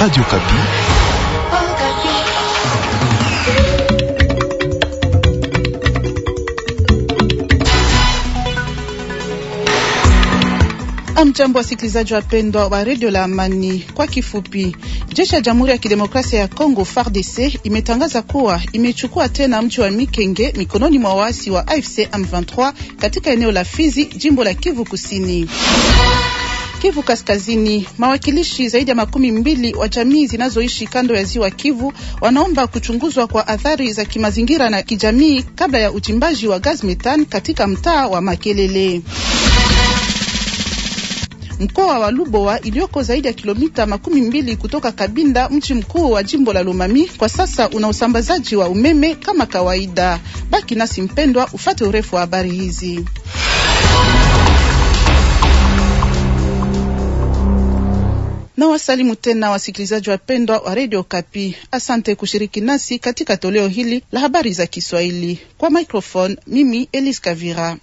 Radio Kapi. Amjambo, wasikilizaji wapendwa wa redio la Amani. Kwa kifupi, jeshi ya Jamhuri ya Kidemokrasia ya Kongo FARDC imetangaza kuwa imechukua tena mji wa Mikenge mikononi mwa waasi wa AFC M23 katika eneo la Fizi, jimbo la Kivu Kusini. Kivu Kaskazini, mawakilishi zaidi ya makumi mbili wa jamii zinazoishi kando ya ziwa Kivu wanaomba kuchunguzwa kwa athari za kimazingira na kijamii kabla ya uchimbaji wa gaz metan katika mtaa wa Makelele. Mkoa wa Lubowa iliyoko zaidi ya kilomita makumi mbili kutoka Kabinda, mji mkuu wa jimbo la Lomami, kwa sasa una usambazaji wa umeme kama kawaida. Baki nasi mpendwa, ufate urefu wa habari hizi. Nawasalimu tena wasikilizaji wapendwa wa Radio Kapi. Asante kushiriki nasi katika toleo hili la habari za Kiswahili. Kwa microphone mimi Elise Kavira.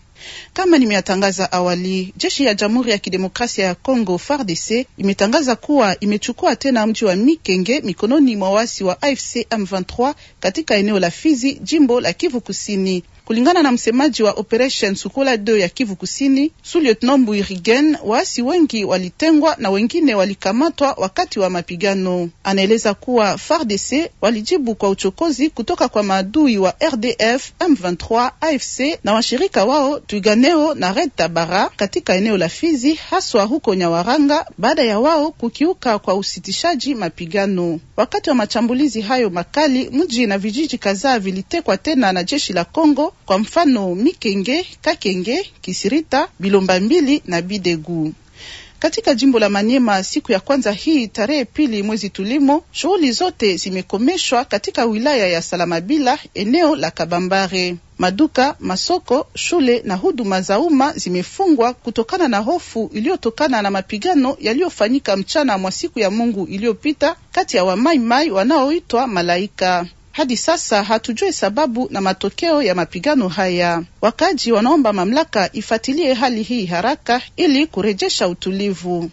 Kama nimeyatangaza awali, jeshi ya Jamhuri ya Kidemokrasia ya Congo, FARDC imetangaza kuwa imechukua tena mji wa Mikenge mikononi mwa wasi wa AFC M23 katika eneo la Fizi, jimbo la Kivu Kusini. Kulingana na msemaji wa Operation Sukola 2 ya Kivu Kusini, Sullieutenant Buirigen, waasi wengi walitengwa na wengine walikamatwa wakati wa mapigano. Anaeleza kuwa FARDC walijibu kwa uchokozi kutoka kwa maadui wa RDF, M23, AFC na washirika wao Twiganeo na Red Tabara katika eneo la Fizi, haswa huko Nyawaranga, baada ya wao kukiuka kwa usitishaji mapigano. Wakati wa machambulizi hayo makali, mji na vijiji kadhaa vilitekwa tena na jeshi la congo kwa mfano Mikenge, Kakenge, Kisirita, Bilomba mbili na Bidegu. Katika jimbo la Manyema siku ya kwanza hii tarehe pili mwezi tulimo, shughuli zote zimekomeshwa katika wilaya ya Salamabila, eneo la Kabambare. Maduka, masoko, shule na huduma za umma zimefungwa kutokana na hofu iliyotokana na mapigano yaliyofanyika mchana mwa siku ya Mungu iliyopita kati ya wamaimai wanaoitwa Malaika. Hadi sasa hatujui sababu na matokeo ya mapigano haya. Wakaji wanaomba mamlaka ifuatilie hali hii haraka ili kurejesha utulivu.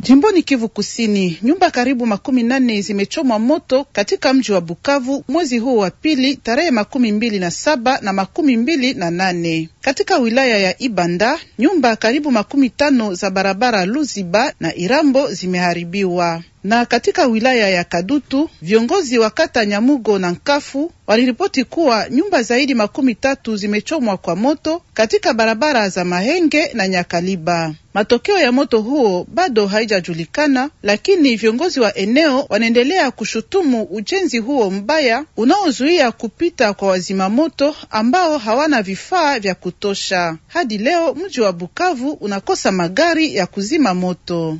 Jimboni Kivu Kusini, nyumba karibu makumi nane zimechomwa moto katika mji wa Bukavu mwezi huu wa pili tarehe makumi mbili na saba na makumi mbili na nane Katika wilaya ya Ibanda, nyumba karibu makumi tano za barabara Luziba na Irambo zimeharibiwa na katika wilaya ya Kadutu viongozi wa kata Nyamugo na Nkafu waliripoti kuwa nyumba zaidi makumi tatu zimechomwa kwa moto katika barabara za Mahenge na Nyakaliba. Matokeo ya moto huo bado haijajulikana, lakini viongozi wa eneo wanaendelea kushutumu ujenzi huo mbaya unaozuia kupita kwa wazima moto ambao hawana vifaa vya kutosha. Hadi leo mji wa Bukavu unakosa magari ya kuzima moto.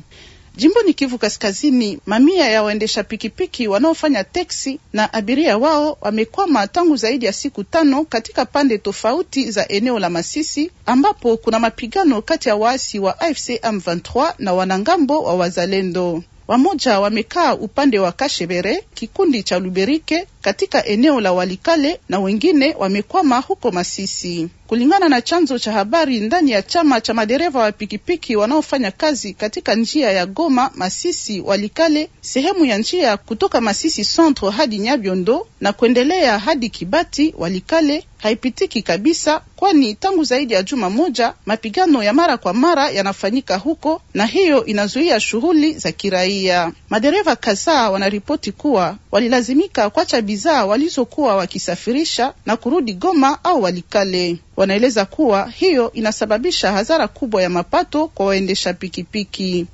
Jimboni Kivu Kaskazini, mamia ya waendesha pikipiki wanaofanya teksi na abiria wao wamekwama tangu zaidi ya siku tano katika pande tofauti za eneo la Masisi, ambapo kuna mapigano kati ya waasi wa AFC M23 na wanangambo wa Wazalendo. Wamoja wamekaa upande wa Kashebere, kikundi cha Luberike katika eneo la Walikale na wengine wamekwama huko Masisi. Kulingana na chanzo cha habari ndani ya chama cha madereva wa pikipiki wanaofanya kazi katika njia ya Goma Masisi Walikale, sehemu ya njia kutoka Masisi Centre hadi Nyabiondo na kuendelea hadi Kibati Walikale haipitiki kabisa, kwani tangu zaidi ya juma moja mapigano ya mara kwa mara yanafanyika huko, na hiyo inazuia shughuli za kiraia. Madereva kadhaa wanaripoti kuwa walilazimika kuacha bidhaa walizokuwa wakisafirisha na kurudi Goma au Walikale. Wanaeleza kuwa hiyo inasababisha hasara kubwa ya mapato kwa waendesha pikipiki.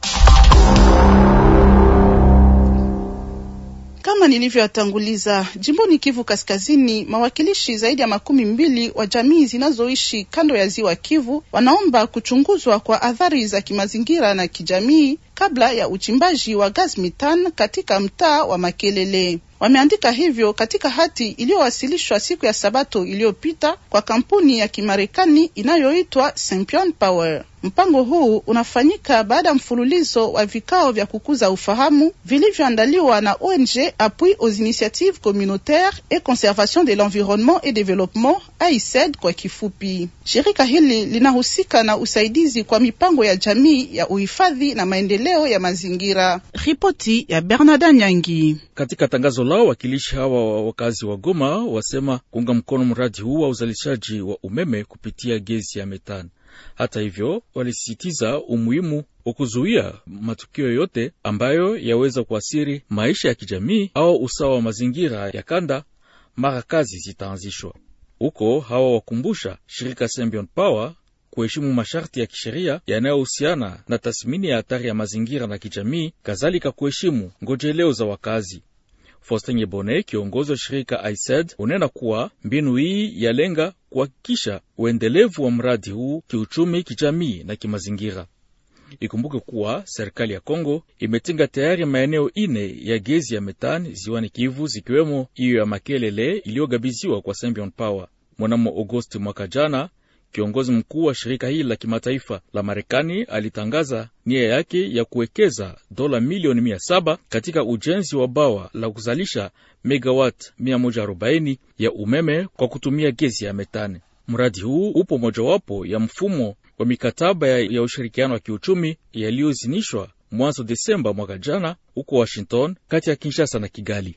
Kama nilivyoyatanguliza, jimboni Kivu Kaskazini, mawakilishi zaidi ya makumi mbili wa jamii zinazoishi kando ya ziwa Kivu wanaomba kuchunguzwa kwa athari za kimazingira na kijamii kabla ya uchimbaji wa gas mitan katika mtaa wa Makelele. Wameandika hivyo katika hati iliyowasilishwa siku ya Sabato iliyopita kwa kampuni ya Kimarekani inayoitwa Sempion Power. Mpango huu unafanyika baada ya mfululizo wa vikao vya kukuza ufahamu vilivyoandaliwa na ONG Appui aux Initiatives Communautaires et Conservation de l'Environnement et Développement, AICED kwa kifupi. Shirika hili linahusika na usaidizi kwa mipango ya jamii ya uhifadhi na maendeleo ya mazingira. Ripoti ya Bernarda Nyangi. Katika tangazo lao, wakilishi hawa wa wakazi wa Goma wasema kuunga mkono mradi huu wa uzalishaji wa umeme kupitia gesi ya metani. Hata hivyo, walisisitiza umuhimu wa kuzuia matukio yoyote ambayo yaweza kuathiri maisha ya kijamii au usawa wa mazingira ya kanda mara kazi zitaanzishwa huko. Hawa wakumbusha shirika sambion Power kuheshimu masharti ya kisheria yanayohusiana na tathmini ya hatari ya mazingira na kijamii, kadhalika kuheshimu ngojeleo za wakazi. Faustin Yebone, kiongozi wa shirika ISED, unena kuwa mbinu hii yalenga kuhakikisha uendelevu wa mradi huu kiuchumi, kijamii na kimazingira. Ikumbuke kuwa serikali ya Kongo imetenga tayari maeneo ine ya gezi ya metani ziwani Kivu, zikiwemo hiyo ya Makelele iliyogabiziwa kwa sambion Power mwanamo Agosti mwaka jana. Kiongozi mkuu wa shirika hili la kimataifa la Marekani alitangaza nia yake ya kuwekeza dola milioni 7 katika ujenzi wa bawa la kuzalisha megawat 140 ya umeme kwa kutumia gesi ya metani. Mradi huu upo mojawapo ya mfumo wa mikataba ya ushirikiano wa kiuchumi yaliyozinishwa mwanzo Desemba mwaka jana huko Washington kati ya Kinshasa na Kigali.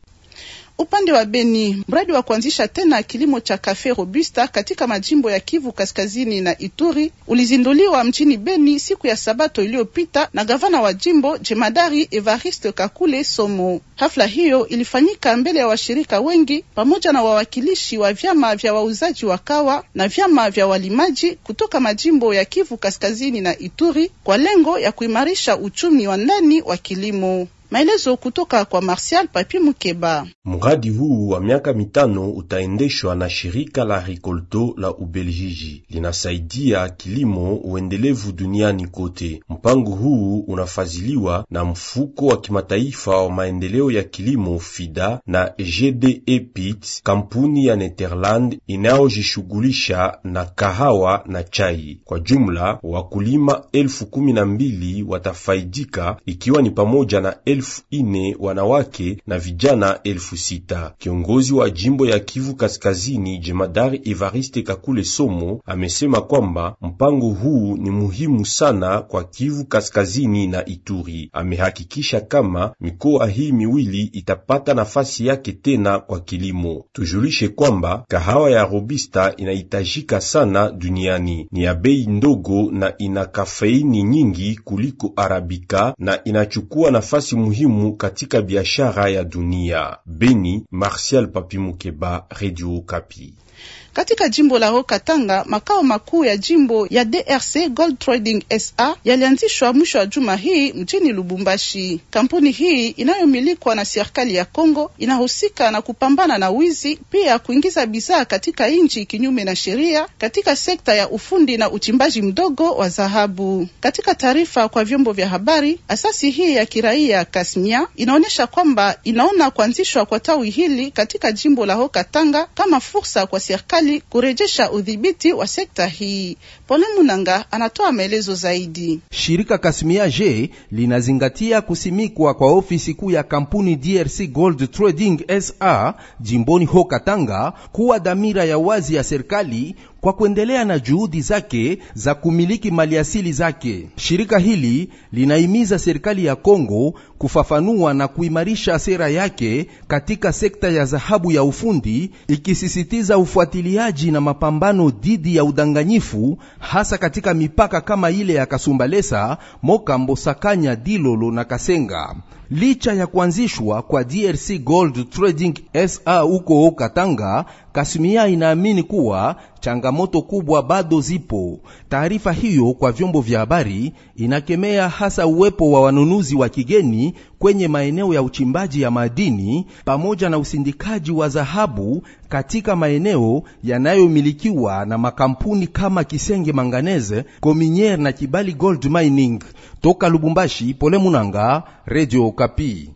Upande wa Beni, mradi wa kuanzisha tena kilimo cha kafe robusta katika majimbo ya Kivu Kaskazini na Ituri ulizinduliwa mjini Beni siku ya Sabato iliyopita na gavana wa jimbo jemadari Evariste Kakule Somo. Hafla hiyo ilifanyika mbele ya washirika wengi pamoja na wawakilishi wa vyama vya wauzaji wa kawa na vyama vya walimaji kutoka majimbo ya Kivu Kaskazini na Ituri kwa lengo ya kuimarisha uchumi wa ndani wa kilimo. Maelezo kutoka kwa Martial Papi Mukeba. Mradi huu wa miaka mitano utaendeshwa na shirika la Ricolto la Ubeljiji, linasaidia kilimo uendelevu duniani kote. Mpango huu unafadhiliwa na mfuko wa kimataifa wa maendeleo ya kilimo FIDA na GDE Pit, kampuni ya Netherland inayojishughulisha na kahawa na chai. Kwa jumla wakulima elfu kumi na mbili watafaidika ikiwa ni pamoja na elfu elfu ine wanawake na vijana elfu sita. Kiongozi wa jimbo ya Kivu Kaskazini, jemadari Evariste Kakule Somo, amesema kwamba mpango huu ni muhimu sana kwa Kivu Kaskazini na Ituri. Amehakikisha kama mikoa hii miwili itapata nafasi yake tena kwa kilimo. Tujulishe kwamba kahawa ya Robista inahitajika sana duniani, ni ya bei ndogo na ina kafeini nyingi kuliko arabika na inachukua nafasi muhimu katika biashara ya dunia. Beni, Martial Papi Mukeba, Radio Kapi. Katika jimbo la Haut-Katanga, makao makuu ya jimbo ya DRC Gold Trading SA yalianzishwa mwisho wa juma hii mjini Lubumbashi. Kampuni hii inayomilikwa na serikali ya Kongo inahusika na kupambana na wizi, pia kuingiza bidhaa katika nchi kinyume na sheria katika sekta ya ufundi na uchimbaji mdogo wa dhahabu. Katika taarifa kwa vyombo vya habari, asasi hii ya kiraia Kasmia inaonyesha kwamba inaona kuanzishwa kwa tawi hili katika jimbo la Haut-Katanga kama fursa kwa serikali serikali kurejesha udhibiti wa sekta hii. Pole Munanga anatoa maelezo zaidi. Shirika Kasimia J linazingatia kusimikwa kwa ofisi kuu ya kampuni DRC Gold Trading SA jimboni Hokatanga kuwa dhamira ya wazi ya serikali kwa kuendelea na juhudi zake za kumiliki maliasili zake. Shirika hili linahimiza serikali ya Kongo kufafanua na kuimarisha sera yake katika sekta ya dhahabu ya ufundi, ikisisitiza ufuatiliaji na mapambano dhidi ya udanganyifu, hasa katika mipaka kama ile ya Kasumbalesa, Mokambo, Sakanya, Dilolo na Kasenga licha ya kuanzishwa kwa DRC Gold Trading SA huko Katanga, Kasimia inaamini kuwa changamoto kubwa bado zipo. Taarifa hiyo kwa vyombo vya habari inakemea hasa uwepo wa wanunuzi wa kigeni kwenye maeneo ya uchimbaji ya madini pamoja na usindikaji wa dhahabu katika maeneo yanayomilikiwa na makampuni kama Kisenge Manganese, Cominiere na Kibali Gold Mining. Toka Lubumbashi, Pole Munanga, Radio Capi.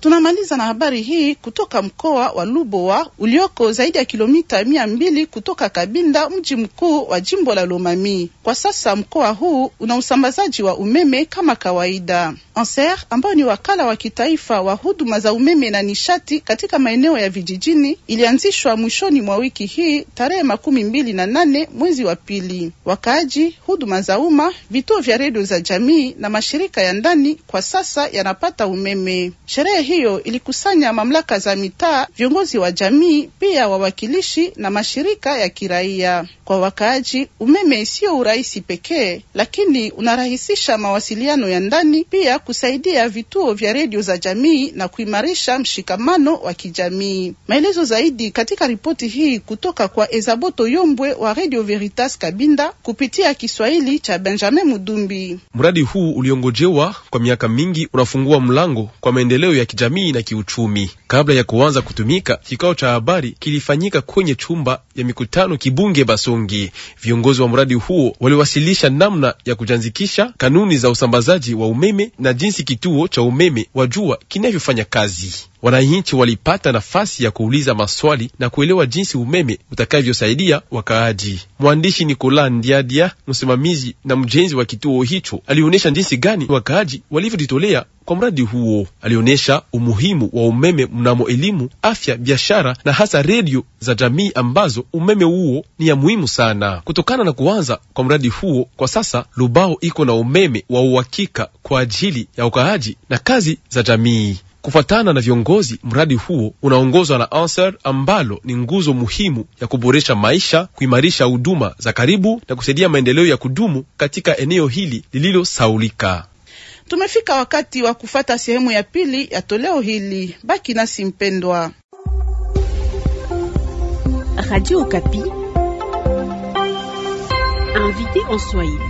Tunamaliza na habari hii kutoka mkoa wa Lubowa ulioko zaidi ya kilomita mia mbili kutoka Kabinda, mji mkuu wa jimbo la Lomami. Kwa sasa mkoa huu una usambazaji wa umeme kama kawaida. Anser ambao ni wakala wa kitaifa wa huduma za umeme na nishati katika maeneo ya vijijini ilianzishwa mwishoni mwa wiki hii tarehe makumi mbili na nane mwezi wa pili. Wakaaji, huduma za umma, vituo vya redio za jamii na mashirika ya ndani kwa sasa yanapata umeme. Sherehe hiyo ilikusanya mamlaka za mitaa, viongozi wa jamii, pia wawakilishi na mashirika ya kiraia. Kwa wakaaji, umeme sio urahisi pekee, lakini unarahisisha mawasiliano ya ndani, pia kusaidia vituo vya redio za jamii na kuimarisha mshikamano wa kijamii. Maelezo zaidi katika ripoti hii kutoka kwa Ezaboto Yombwe wa Radio Veritas Kabinda kupitia Kiswahili cha Benjamin Mudumbi. Mradi huu uliongojewa kwa miaka mingi unafungua mlango kwa maendeleo ya kijamii kijamii na kiuchumi. Kabla ya kuanza kutumika, kikao cha habari kilifanyika kwenye chumba ya mikutano Kibunge Basongi. Viongozi wa mradi huo waliwasilisha namna ya kujanzikisha kanuni za usambazaji wa umeme na jinsi kituo cha umeme wa jua kinavyofanya kazi wananchi walipata nafasi ya kuuliza maswali na kuelewa jinsi umeme utakavyosaidia wakaaji. Mwandishi Nikola Ndiadia, msimamizi na mjenzi wa kituo hicho, alionyesha jinsi gani wakaaji walivyojitolea kwa mradi huo. Alionyesha umuhimu wa umeme mnamo elimu, afya, biashara na hasa redio za jamii ambazo umeme huo ni ya muhimu sana. Kutokana na kuanza kwa mradi huo, kwa sasa Lubao iko na umeme wa uhakika kwa ajili ya wakaaji na kazi za jamii. Kufuatana na viongozi, mradi huo unaongozwa na Anser ambalo ni nguzo muhimu ya kuboresha maisha, kuimarisha huduma za karibu na kusaidia maendeleo ya kudumu katika eneo hili lililosaulika. Tumefika wakati wa kufata sehemu ya pili ya toleo hili. Baki nasi mpendwa. Radio Okapi, invité en Swahili.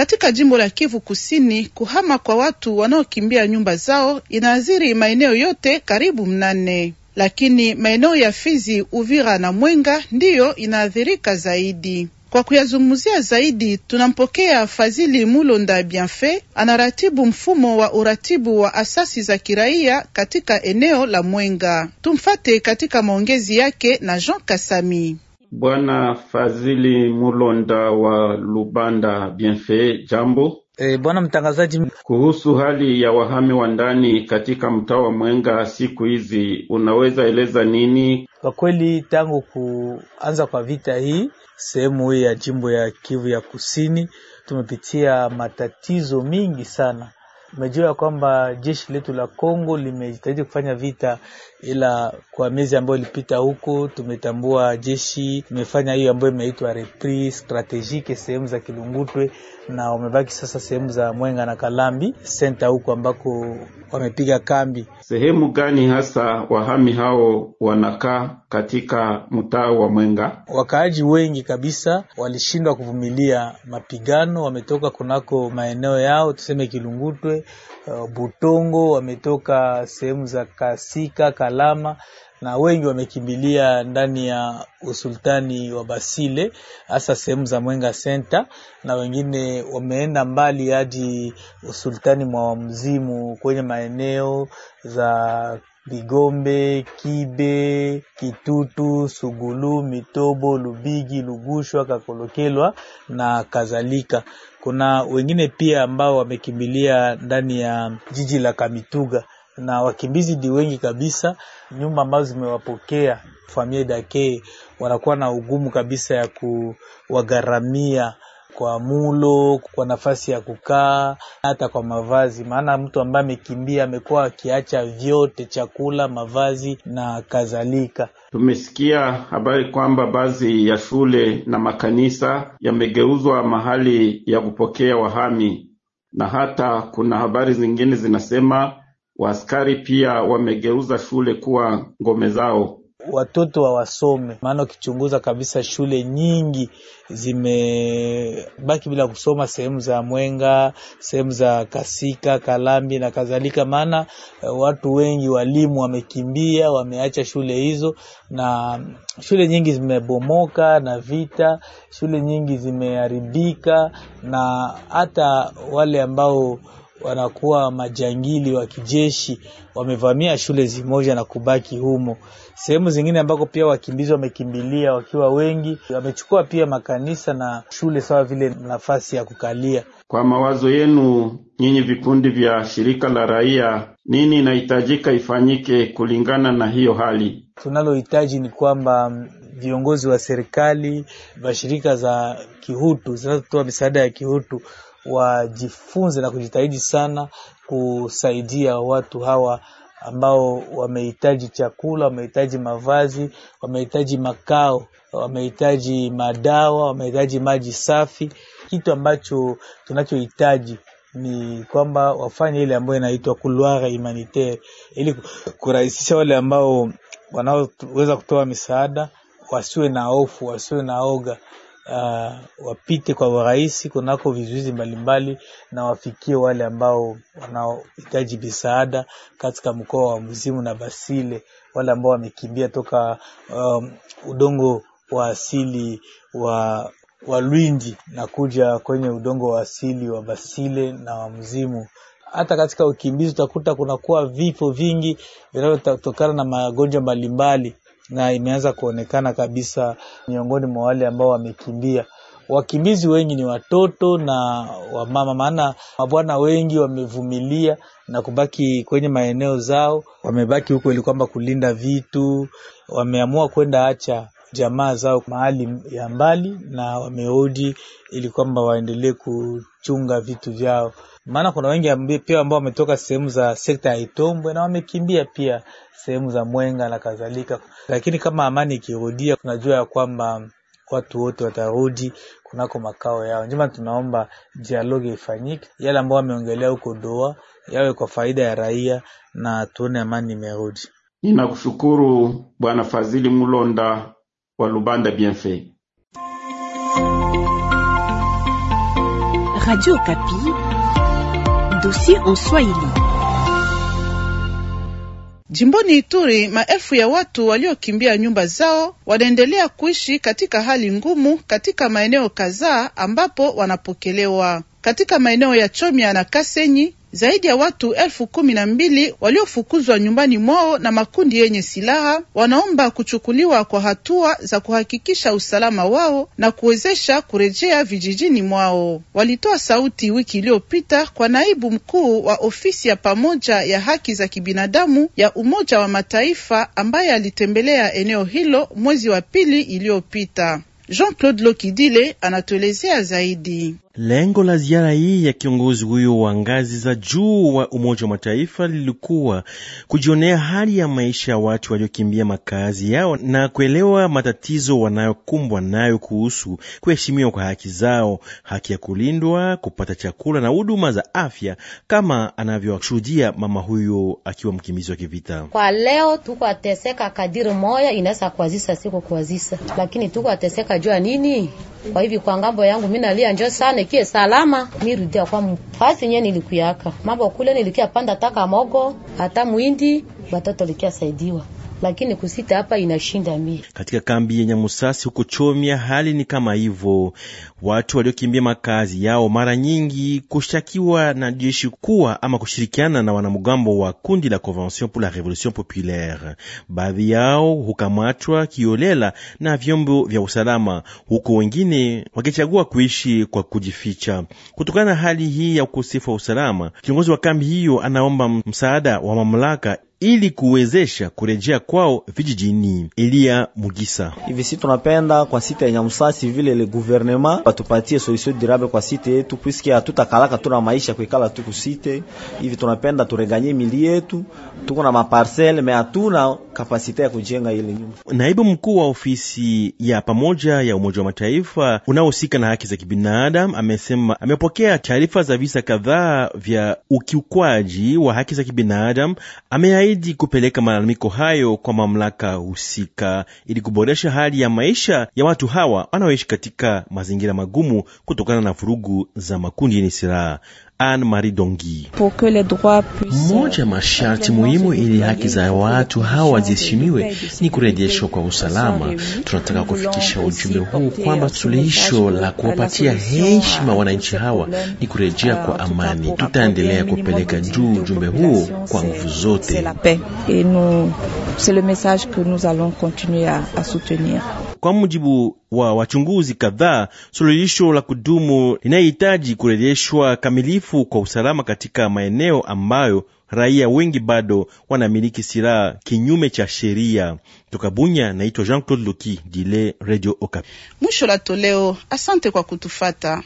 Katika jimbo la Kivu Kusini, kuhama kwa watu wanaokimbia nyumba zao inaathiri maeneo yote karibu mnane, lakini maeneo ya Fizi, Uvira na Mwenga ndiyo inaathirika zaidi. Kwa kuyazungumzia zaidi, tunampokea fazili Mulonda Bienfait, anaratibu mfumo wa uratibu wa asasi za kiraia katika eneo la Mwenga. Tumfate katika maongezi yake na Jean Kasami. Bwana Fazili Mulonda wa Lubanda Bienfe, jambo. E, bwana mtangazaji, kuhusu hali ya wahami wa ndani katika mtaa wa Mwenga siku hizi unaweza eleza nini? Kwa kweli tangu kuanza kwa vita hii sehemu hii ya jimbo ya Kivu ya Kusini tumepitia matatizo mingi sana Umejua kwamba jeshi letu la Kongo limejitahidi kufanya vita, ila kwa miezi ambayo ilipita huko tumetambua jeshi imefanya hiyo ambayo imeitwa repris strategique sehemu za Kilungutwe na wamebaki sasa sehemu za Mwenga na Kalambi senta huko ambako wamepiga kambi. Sehemu gani hasa wahami hao wanakaa katika mtaa wa Mwenga? Wakaaji wengi kabisa walishindwa kuvumilia mapigano, wametoka kunako maeneo yao, tuseme Kilungutwe, uh, Butongo, wametoka sehemu za Kasika, Kalama na wengi wamekimbilia ndani ya usultani wa Basile, hasa sehemu za Mwenga Center, na wengine wameenda mbali hadi usultani mwa mzimu kwenye maeneo za Bigombe, Kibe, Kitutu, Sugulu, Mitobo, Lubigi, Lugushwa, Kakolokelwa na kadhalika. Kuna wengine pia ambao wamekimbilia ndani ya jiji la Kamituga na wakimbizi ni wengi kabisa. Nyumba ambazo zimewapokea familia Dake wanakuwa na ugumu kabisa ya kuwagharamia kwa mulo, kwa nafasi ya kukaa, hata kwa mavazi. Maana mtu ambaye amekimbia amekuwa akiacha vyote, chakula, mavazi na kadhalika. Tumesikia habari kwamba baadhi ya shule na makanisa yamegeuzwa mahali ya kupokea wahami, na hata kuna habari zingine zinasema Waaskari pia wamegeuza shule kuwa ngome zao watoto hawasome, maana ukichunguza kabisa shule nyingi zimebaki bila kusoma, sehemu za Mwenga, sehemu za Kasika, Kalambi na kadhalika. Maana eh, watu wengi, walimu wamekimbia, wameacha shule hizo, na shule nyingi zimebomoka na vita, shule nyingi zimeharibika, na hata wale ambao wanakuwa majangili wa kijeshi, wamevamia shule zimoja na kubaki humo. Sehemu zingine ambako pia wakimbizi wamekimbilia wakiwa wengi, wamechukua pia makanisa na shule sawa vile nafasi ya kukalia. Kwa mawazo yenu nyinyi, vikundi vya shirika la raia, nini inahitajika ifanyike kulingana na hiyo hali? Tunalohitaji ni kwamba viongozi wa serikali, mashirika za kihutu zinazotoa misaada ya kihutu wajifunze na kujitahidi sana kusaidia watu hawa ambao wamehitaji chakula, wamehitaji mavazi, wamehitaji makao, wamehitaji madawa, wamehitaji maji safi. Kitu ambacho tunachohitaji ni kwamba wafanye ile ambayo inaitwa couloir humanitaire, ili kurahisisha wale ambao wanaoweza kutoa misaada wasiwe na hofu, wasiwe na oga uh, wapite kwa urahisi kunako vizuizi mbalimbali na wafikie wale ambao wanaohitaji misaada katika mkoa wa Mzimu na Basile, wale ambao wamekimbia toka um, udongo wa asili wa wa Lwindi na kuja kwenye udongo wa asili wa Basile na wa Mzimu. Hata katika ukimbizi utakuta kunakuwa vifo vingi vinavyotokana na magonjwa mbalimbali na imeanza kuonekana kabisa miongoni mwa wale ambao wamekimbia. Wakimbizi wengi ni watoto na wamama, maana mabwana wengi wamevumilia na kubaki kwenye maeneo zao, wamebaki huko ili kwamba kulinda vitu. Wameamua kwenda acha jamaa zao mahali ya mbali, na wameodi ili kwamba waendelee kuchunga vitu vyao maana kuna wengi pia ambao wametoka sehemu za sekta ya Itombwe na wamekimbia pia sehemu za Mwenga na kadhalika, lakini kama amani ikirudia, tunajua ya kwamba watu wote watarudi kunako makao yao njema. Tunaomba dialogi ifanyike, yale ambao wameongelea huko doa yawe kwa faida ya raia na tuone amani imerudi. Ninakushukuru Bwana Fazili Mulonda wa Lubanda Bienfait, Radio Kapi. Dossier en Swahili. Jimboni Ituri, maelfu ya watu waliokimbia nyumba zao wanaendelea kuishi katika hali ngumu katika maeneo kadhaa ambapo wanapokelewa. Katika maeneo ya Chomia na Kasenyi zaidi ya watu elfu kumi na mbili waliofukuzwa nyumbani mwao na makundi yenye silaha wanaomba kuchukuliwa kwa hatua za kuhakikisha usalama wao na kuwezesha kurejea vijijini mwao. Walitoa sauti wiki iliyopita kwa naibu mkuu wa ofisi ya pamoja ya haki za kibinadamu ya Umoja wa Mataifa ambaye alitembelea eneo hilo mwezi wa pili iliyopita. Jean-Claude Lokidile anatuelezea zaidi. Lengo la ziara hii ya kiongozi huyo wa ngazi za juu wa Umoja wa Mataifa lilikuwa kujionea hali ya maisha ya watu waliokimbia makazi yao na kuelewa matatizo wanayokumbwa nayo kuhusu kuheshimiwa kwa haki zao, haki ya kulindwa, kupata chakula na huduma za afya, kama anavyoshuhudia mama huyo akiwa mkimbizi wa kivita. Kwa leo tuko ateseka kadiri moya inaweza kuazisa siku kuazisa, lakini tuko ateseka jua nini? Kwa hivi kwa ngambo yangu mi nalia njoo sana nifikie salama, mirudia rudia kwa mfasi nye nilikuyaka mambo kule, nilikia panda taka mogo hata mwindi, batoto likia saidiwa lakini kusita hapa inashinda mili. Katika kambi ya Nyamusasi huko Chomia, hali ni kama hivyo. Watu waliokimbia makazi yao mara nyingi kushtakiwa na jeshi kuwa ama kushirikiana na wanamgambo wa kundi la Convention pour la Revolution Populaire. Baadhi yao hukamatwa kiolela na vyombo vya usalama, huko wengine wakichagua kuishi kwa kujificha. Kutokana na hali hii ya ukosefu wa usalama, kiongozi wa kambi hiyo anaomba msaada wa mamlaka ili kuwezesha kurejea kwao vijijini. Elia Mugisa: hivi si tunapenda kwa site ya Nyamusasi vile le gouvernement batupatie solution durable kwa site yetu, puisque hatutakalaka tuna maisha kuikala tu kusite hivi. Tunapenda tureganye mili yetu, tuko na maparcele me hatuna kapasite ya kujenga ile nyumba. Naibu mkuu wa ofisi ya pamoja ya Umoja wa Mataifa unaohusika na haki za kibinadamu amesema amepokea taarifa za visa kadhaa vya ukiukwaji wa haki za kibinadamu ameai zaidi kupeleka malalamiko hayo kwa mamlaka husika ili kuboresha hali ya maisha ya watu hawa wanaoishi katika mazingira magumu kutokana na vurugu za makundi yenye silaha. Anne Marie Dongi. Moja masharti muhimu ili haki za watu hawa ziheshimiwe ni kurejeshwa kwa usalama. Tunataka kufikisha ujumbe huu kwamba suluhisho la kuwapatia heshima wananchi hawa ni kurejea kwa amani. Tutaendelea kupeleka juu ujumbe huu kwa nguvu zote. Kwa mujibu wa wachunguzi kadhaa, suluhisho la kudumu linahitaji kurejeshwa kamilifu kwa usalama katika maeneo ambayo raia wengi bado wanamiliki silaha kinyume cha sheria. Toka Bunya, naitwa Jean Claude Luki Dile, Radio Okapi. Mwisho la toleo. Asante kwa kutufata.